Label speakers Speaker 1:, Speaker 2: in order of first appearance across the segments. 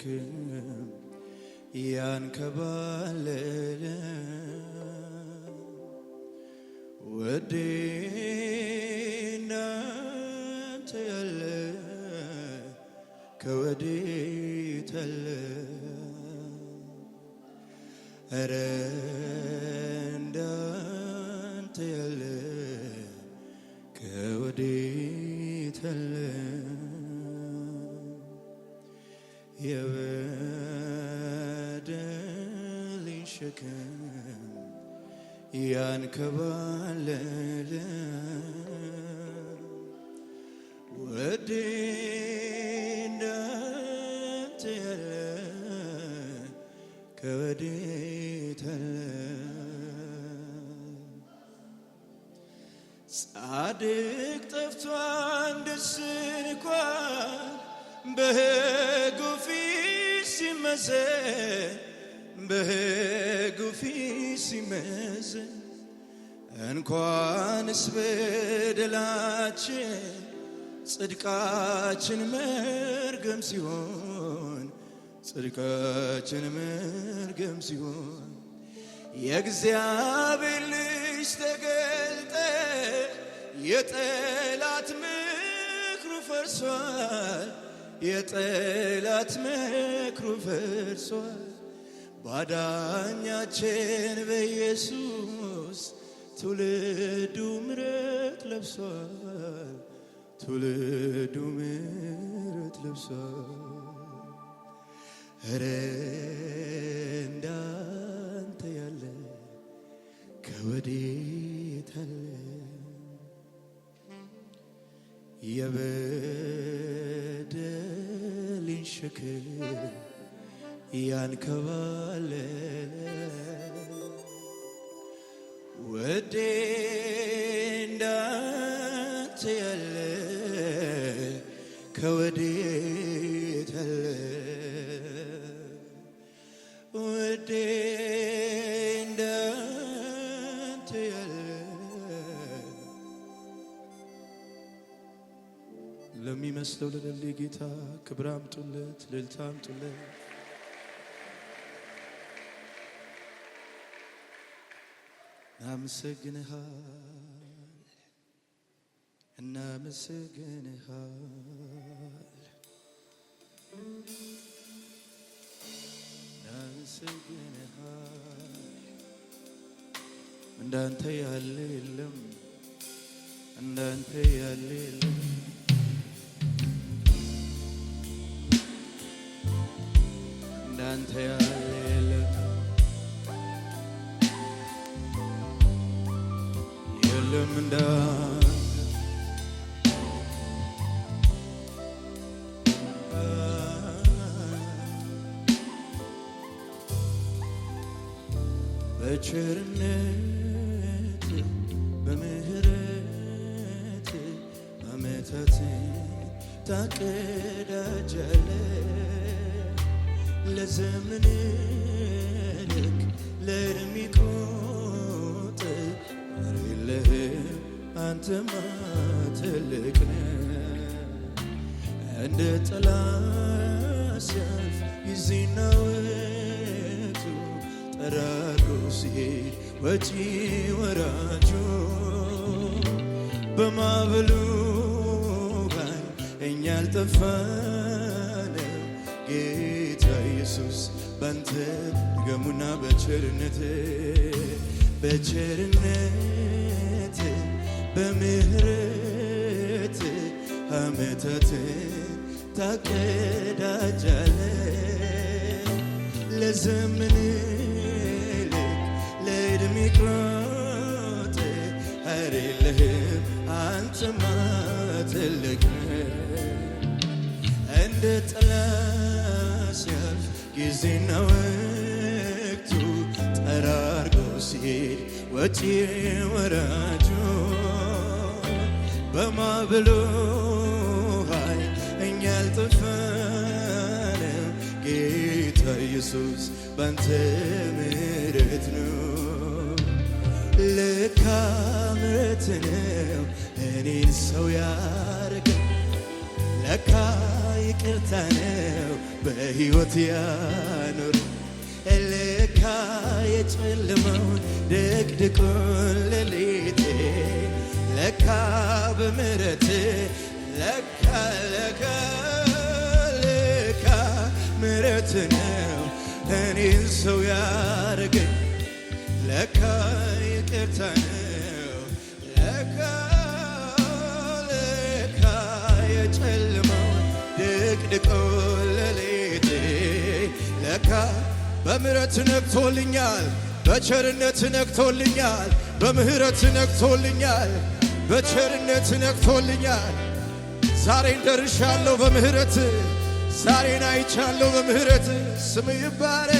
Speaker 1: ሸክም ያንከባለለ ወዴ ሸክም ያንከባለለ ወዴ እንዳንተ ጻድቅ ጠፍቷ አንድስ እንኳን በሕጉ ፊት ሲመዘን በሕጉ ፊት ሲመዘን እንኳንስ በደላችን ጽድቃችን መርገም ሲሆን ጽድቃችን መርገም ሲሆን የእግዚአብሔር ልጅ ተገልጠ የጠላት ምክሩ ፈርሷል። የጠላት ምክሩ ፈርሷል። ባዳኛችን በኢየሱስ ትውልዱ ምሕረት ለብሷል፣ ትውልዱ ምሕረት ለብሷል። እረ እንዳንተ ያለ ከወዴት አለ የበደልን ሸክም ያንከባለለ ወዴ እንዳንተ ያለ ከወዴት አለ ወዴ እንዳንተ ያለ ለሚመስለው ለሌለ ጌታ ክብር አምጡለት፣ ልልታ አምጡለት። امسك نهال ان امسك نهال امسك نهال عند انت يا ليلم عند انت يا ليلم عند انت يا ليلم የለም እንደ በቸርነት በምህረት አመታት ታቀዳጃለ ግዝማ ትልቅ ነህ እንደ ጥላ ሲያልፍ ጊዜና ወቅቱ ጠራርጎ ሲሄድ ወጪ ወራጁ በማዕበሉ ላይ እኛ አልጠፋንም። ጌታ ኢየሱስ ባንተ ገሙና በቸርነት በቸርነት በምህረት አመታት ታቀዳጃለ ለዘመን ልክ ለዕድሜ ቅሮት አይደለህም አንተማ ትልቅ እንደ ጥላ ሲያልፍ ጊዜና ወቅቱ ጠራርጎ ሲሄድ ወጪ ወራል በማዕበሉ ኃይል እኛ አልጠፋንም። ጌታ ኢየሱስ ባንተ ምሕረት ነው። ለካ ምሕረት ነው እኔን ሰው ያረገኝ። ለካ ይቅርታ ነው በሕይወት ያኖረኝ። ለካ የጨለመውን ድቅድቁን ሌሊቴ ለካ በምረት ለካ ለካ ለካ ምረት ነው እኔን ሰው ያረገኝ ለካ ይቅርታ ነው ለካ ለካ የጨለማው ድቅድቆ ለሌቴ ለካ በምረት ነግቶልኛል በቸርነት ነግቶልኛል በምህረት ነግቶልኛል በቸርነት ነቅቶልኛል። ዛሬን ደርሻለሁ በምህረት፣ ዛሬን አይቻለሁ በምህረት። ስም ይባረ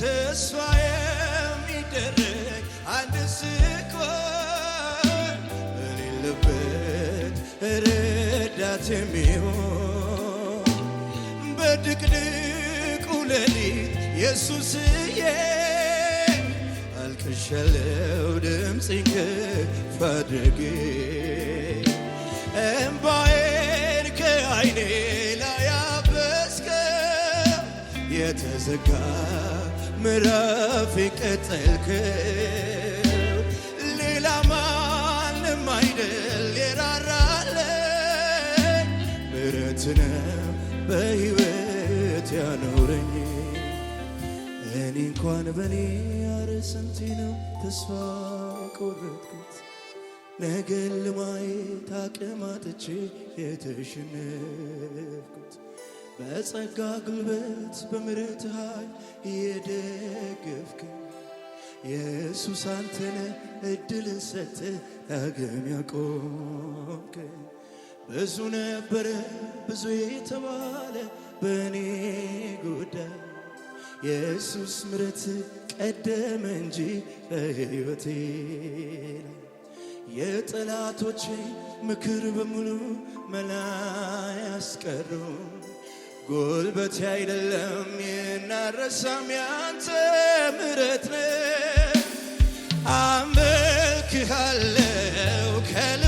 Speaker 1: ተስፋ የሚደረግ አንድ ስቆን በሌለበት ረዳት የሚሆን በድቅድቁ ሌሊት ኢየሱስዬ አልቅሻለሁ ድምፄን ከፍ አድርጌ እምባዬን ከዓይኔ ላይ የተዘጋ ምዕራፍ ቀጠልከው ሌላ ማንም አይደል ነው ቤት ያኖረኝ እኔ እንኳን በኔ አረ ስንቴ ነው ተስፋ ቆረጥኩት ነገን ለማየት አቅም አጥቼ የተሸነፍኩት በጸጋ ጉልበት በምሕረት ኃይል እየደገፍከኝ ኢየሱስ አንተነ እድልን ሰጠ ዳግም ያቆምከኝ ብዙ ነበረ ብዙ የተባለ በኔ ጉዳይ የኢየሱስ ምረት ቀደመ እንጂ በሕይወቴ የጠላቶቼ ምክር በሙሉ መላ ያስቀሩ ጉልበት አይደለም የናረሳም ያንተ ምረት ነው አመልክሃለው ከል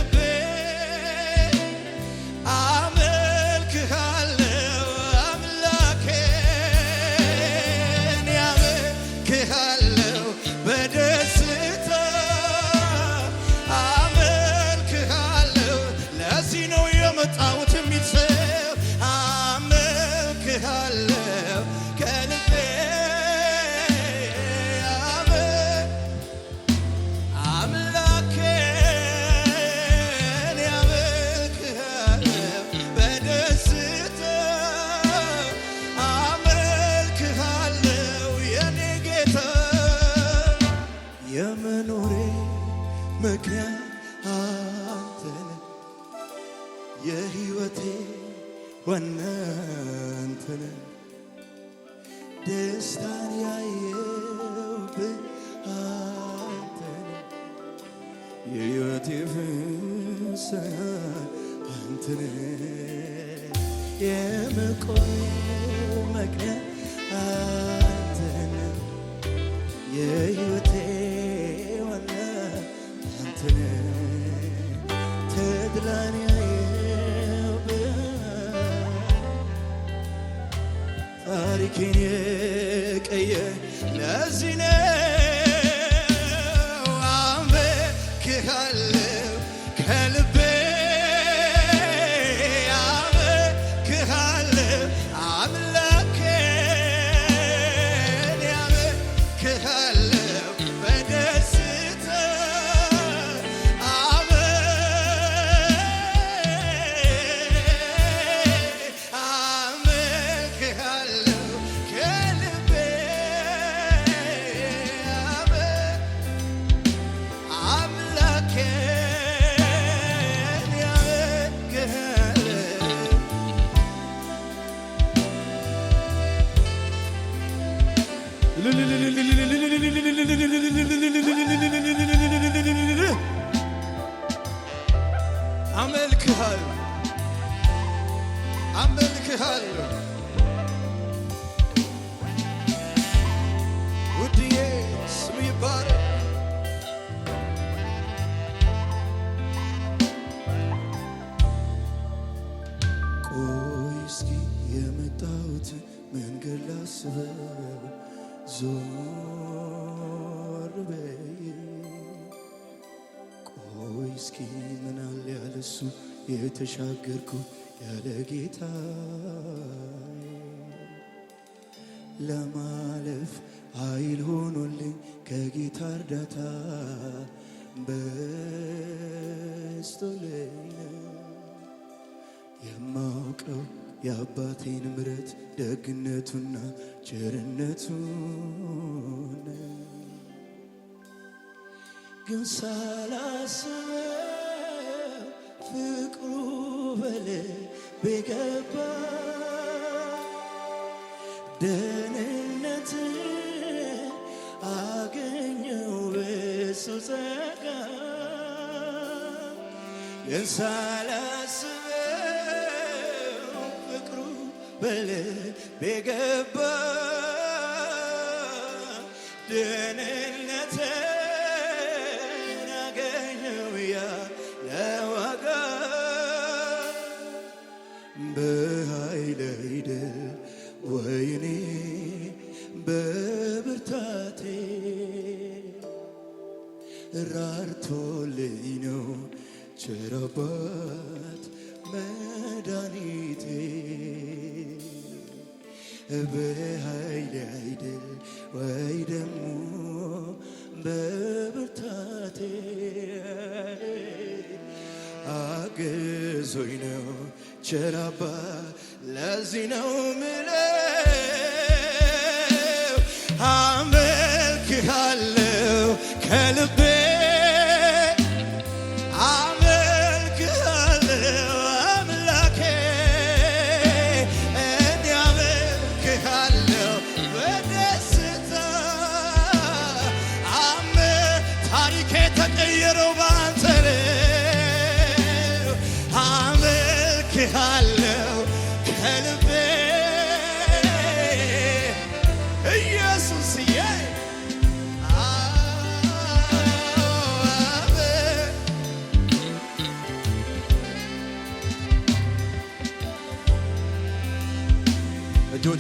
Speaker 1: ያየሁብህ አንተ የህይወቴ ምክንያት ዞር በይ ቆይ እስኪ ምናል ያለሱ የተሻገርኩ ያለ ጌታ ለማለፍ ኃይል ሆኖልኝ ከጌታ እርዳታ በስቶልኝ የማውቀው የአባቴን ምረት ደግነቱና ቸርነቱን ግን ሳላስበው ፍቅሩ በልቤ ገባ ደህንነት አገኘው በሱ ጸጋ በልቤ ገባ ደህንነትን አገኘው ያለ ዋጋ በኃይለ ሂደህ ወይኔ በብርታቴ ራርቶልኝ ነው ቸር ነበር። ለዚህ ነው ምለው አመልክሃለው ከልብ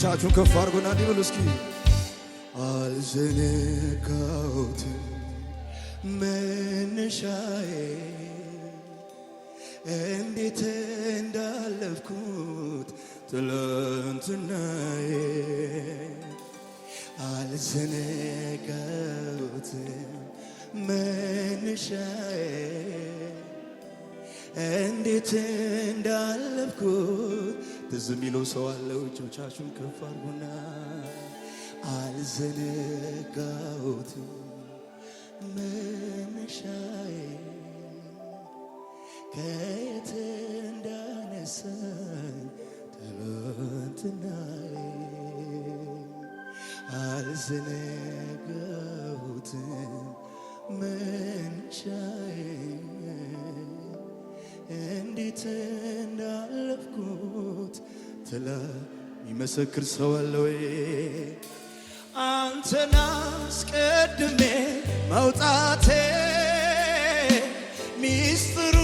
Speaker 1: እጆቻችሁን ከፍ አድርጎና እንዲህ እስኪ አልዘነጋሁትም መነሻዬ እንዴት እንዳለፍኩት ትላንትናዬ አልዘነጋሁትም መነሻዬ እንዴት እንዳለፍኩት ትዝ የሚለው ሰው አለው። እጆቻችሁን ከፍ አድርጉና አልዘነጋሁትም መነሻዬ ከየት እንዳነሳኝ ትናንትናዬ አልዘነጋሁትም መነሻዬ እንዴት እንዳለፍኩት ትለ ይመሰክር ሰው አለ ወይ? አንተን አስቀድሜ መውጣቴ ሚስጥሩ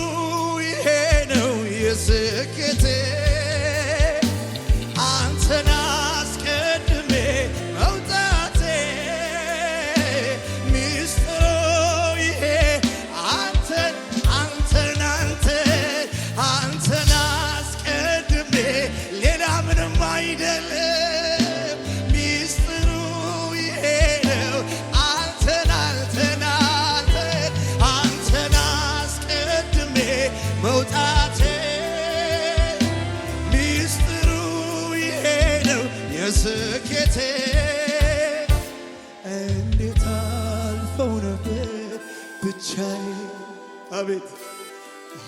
Speaker 1: አቤት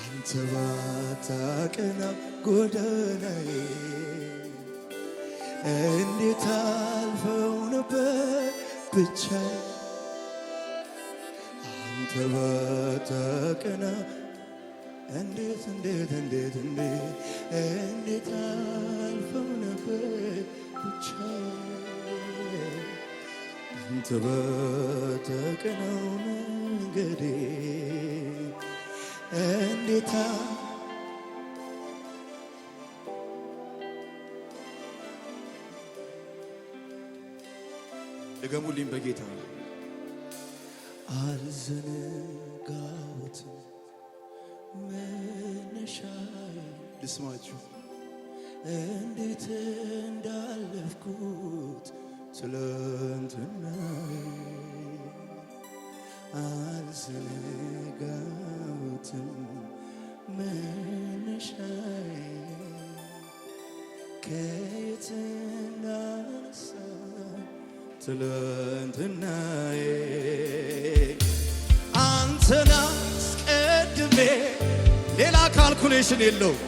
Speaker 1: አንተ ባታቀና ጎዳናዬ እንዴት አልፈው ነበር ብቻ አንተ ባታቀና እንዴት እንዴት እንዴት እንዴት እንዴት አልፈው ነበር ብቻ አንተ ባታቀናው መንገዴ እንዴታ ድገሙልኝ በጌታ አልዘነጋሁት መነሻዬ ልስማችሁ እንዴት እንዳለፍኩት ስለንትናዬ አልዘነጋ ሕይወት መነሻዬ ከየት እንዳነሳ ትላንትናዬ አንተን አስቀድሜ ሌላ ካልኩሌሽን የለውም።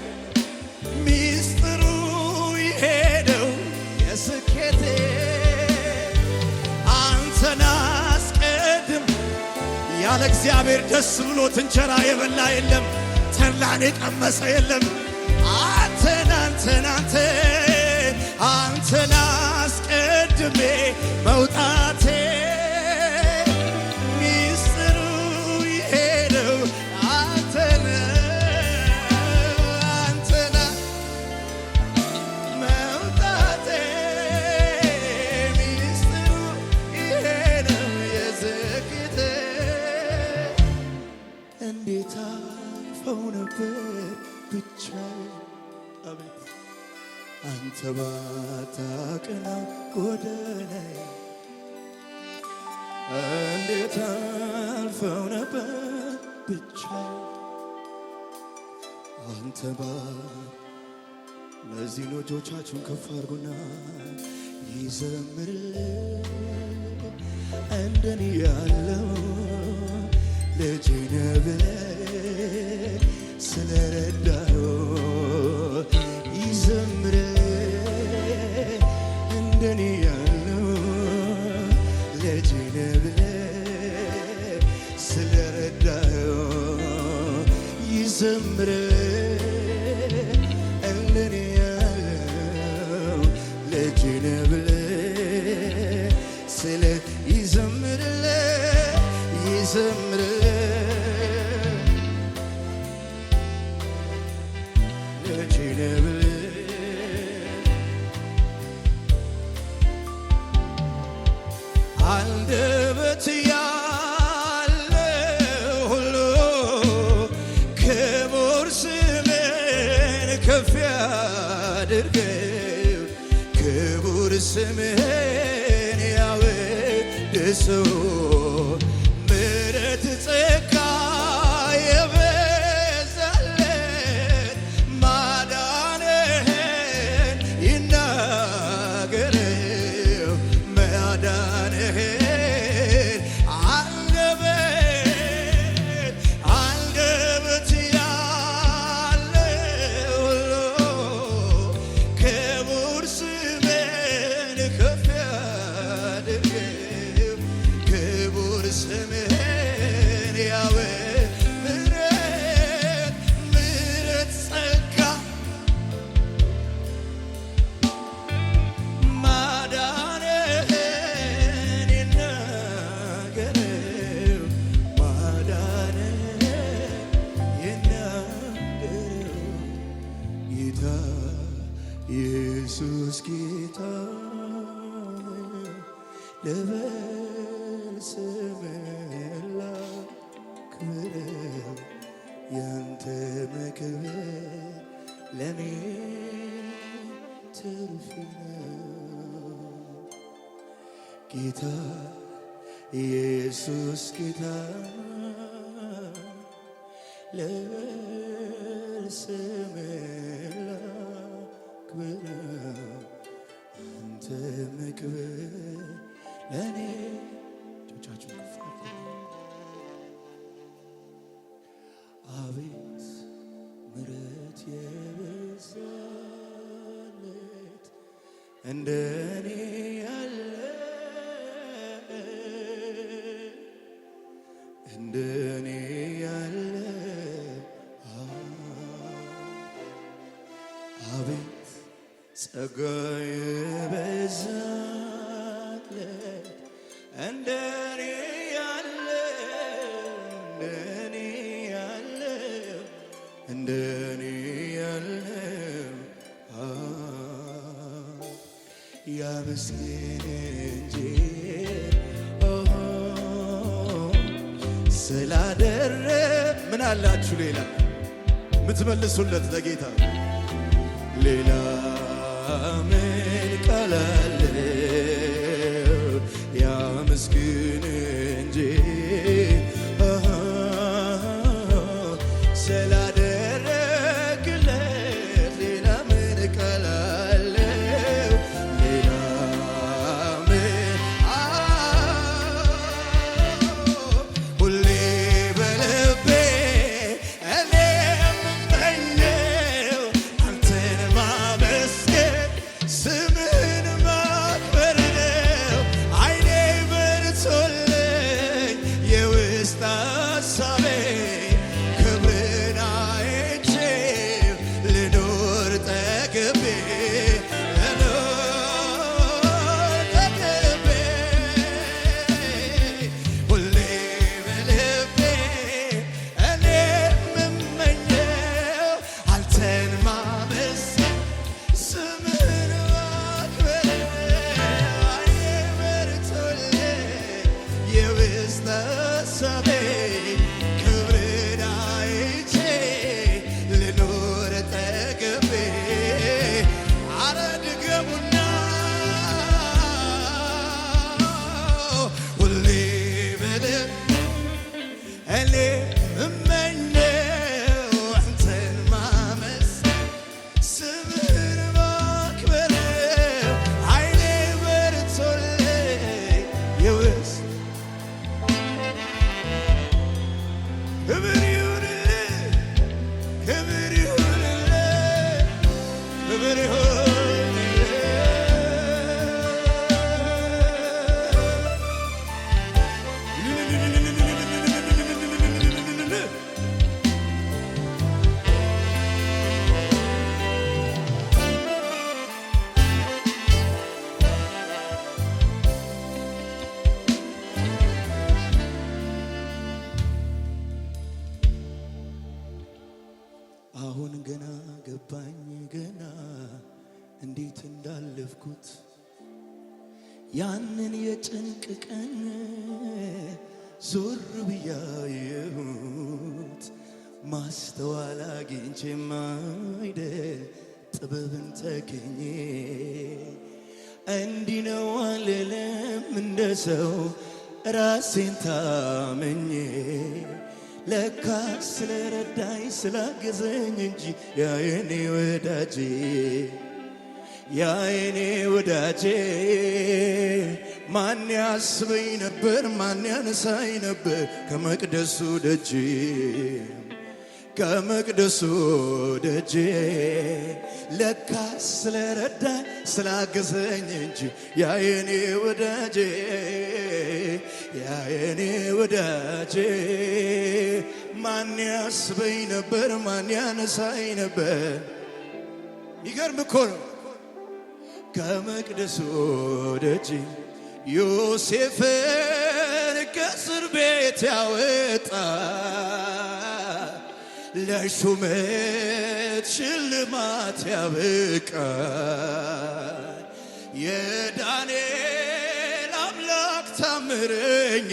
Speaker 1: ያለ እግዚአብሔር ደስ ብሎት እንጀራ የበላ የለም፣ ተድላን የቀመሰ የለም። አንተን አንተን አንተን አንተን አስቀድሜ መውጣቴ እጃችሁን ከፍ አድርጉና ይዘምር እንደኔ ያለው ልጄ ነው ብለህ ስለረዳኸው ይዘምር እንደኔ ያለው ልጄ ነው ብለህ ስለረዳኸው ይዘምር ስምህን ያወድሰው ክብር ለኔ ትርፍ ጌታ ኢየሱስ ጌታ ጸጋዬ በዛለት እንደኔ ያለ እንደኔ ያለ እንደኔ ያለ ያመስግን እንጂ ስላደረ ምን አላችሁ ሌላ የምትመልሱለት ለጌታ ሌላ ምን ቀላል አሁን ገና ገባኝ ገና እንዴት እንዳለፍኩት ያንን የጭንቅ ቀን ዞር ብያየሁት ማስተዋል አግኝቼ ማይደ ጥበብን ተገኜ እንዲህ ነው አልልም እንደ ሰው ራሴን ታመኜ ለካ ስለረዳኝ ስላገዘኝ እንጂ ያየኔ ወዳጄ ያየኔ ወዳጄ ማን ያስበኝ ነበር? ማን ያነሳኝ ነበር ከመቅደሱ ደጅ ከመቅደሱ ደጄ ለካ ስለረዳኝ ስላገዘኝ እንጂ ያየኔ ወዳጄ ያየኔ ወዳጄ ማን ያስበኝ ነበር? ማን ያነሳኝ ነበር? ይገርም እኮ ነው። ከመቅደሱ ደጅ ዮሴፍን ከእስር ቤት ያወጣ ለሹመት ሽልማት ያብቃል የዳንኤል አምላክ ታምረኛ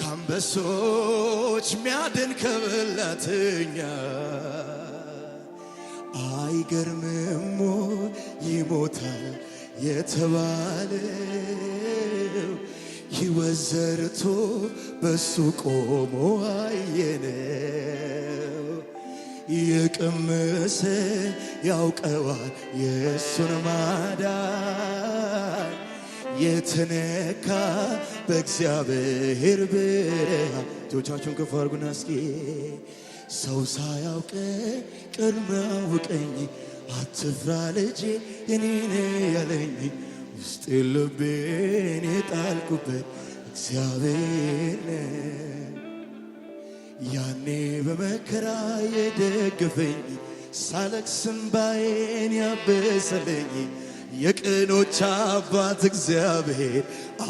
Speaker 1: ከአንበሶች ሚያድን ከበላተኛ አይገርምሞ ይሞታል የተባለው ሕይወት ዘርቶ በሱ ቆሞ አየነው። የቀመሰ ያውቀዋል የእሱን ማዳን የተነካ በእግዚአብሔር ብርሃን እጆቻችሁን ከፍ አድርጉና እስኪ ሰው ሳያውቀ ቅድመ አውቀኝ አትፍራ ልጄ እኔነ ያለኝ ውስጥ ልቤን የጣልኩበት እግዚአብሔር ያኔ በመከራ የደግፈኝ ሳለቅስ እንባዬን ያበሰለኝ የቅኖች አባት እግዚአብሔር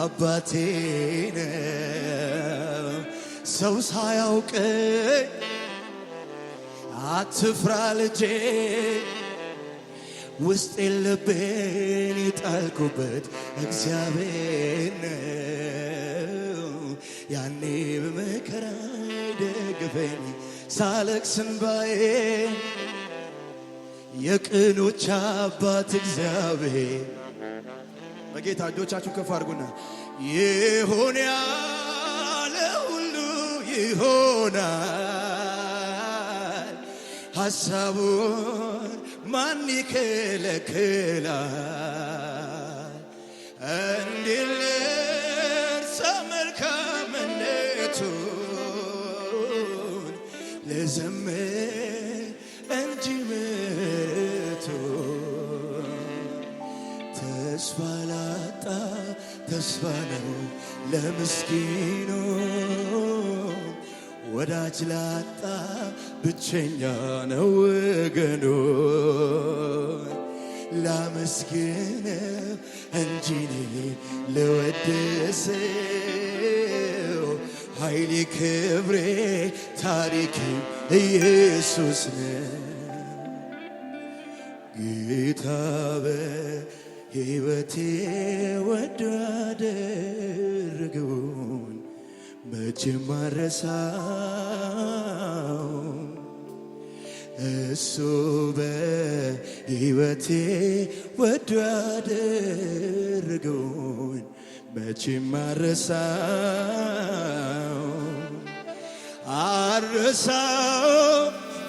Speaker 1: አባቴ ሰው ሳያውቀኝ አትፍራ ልጄ ውስጥ የለብን የጣልኩበት እግዚአብሔር ነው። ያኔ በመከራ ደግፈኝ ሳለቅስ እንባዬ የቅኖች አባት እግዚአብሔር በጌታ እጆቻችሁ ከፍ አድርጉና ይሆን ያለ ሁሉ ይሆናል ሀሳቡን ማን ይከለክላል? እንዲልርሰ መልካምነቱን ልዝም እንጂ ምሕረቱን ተስፋ ላጣ ተስፋ ነው ለምስኪኑ ወዳጅ ላጣ ብቸኛ ነው ወገኑ ላመስግን እንጂ ልወድስው ኃይሌ ክብሬ ታሪክ ኢየሱስ ጌታ በሕይወቴ ወዳደርግቡ መቼም አረሳው እሱ በሕይወቴ ወዶ ያደረገውን መቼም አረሳው አረሳው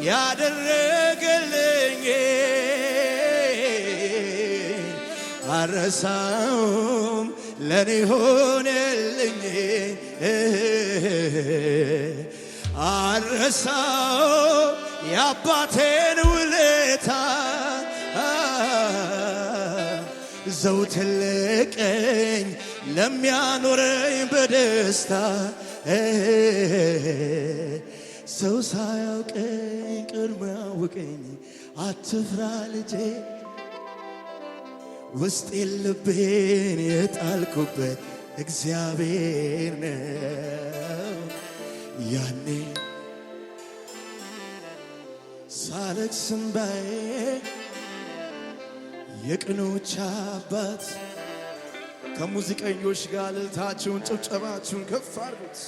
Speaker 1: ያደረገልኝ አረሳውም ለኔ ሆነልኝ አረሳው የአባቴን ውለታ ዘውትር ልቀኝ ለሚያኖረኝ በደስታ ሰው ሳያውቀኝ ቅድሞ ያወቀኝ አትፍራ ልጄ ውስጤ ልቤን የጣልኩበት እግዚአብሔር ነው። ያኔ ሳለቅስ እንባዬ የቅኖች አባት ከሙዚቀኞች ጋር እልልታችሁን ጭብጨባችሁን ከፍ አድርጉት።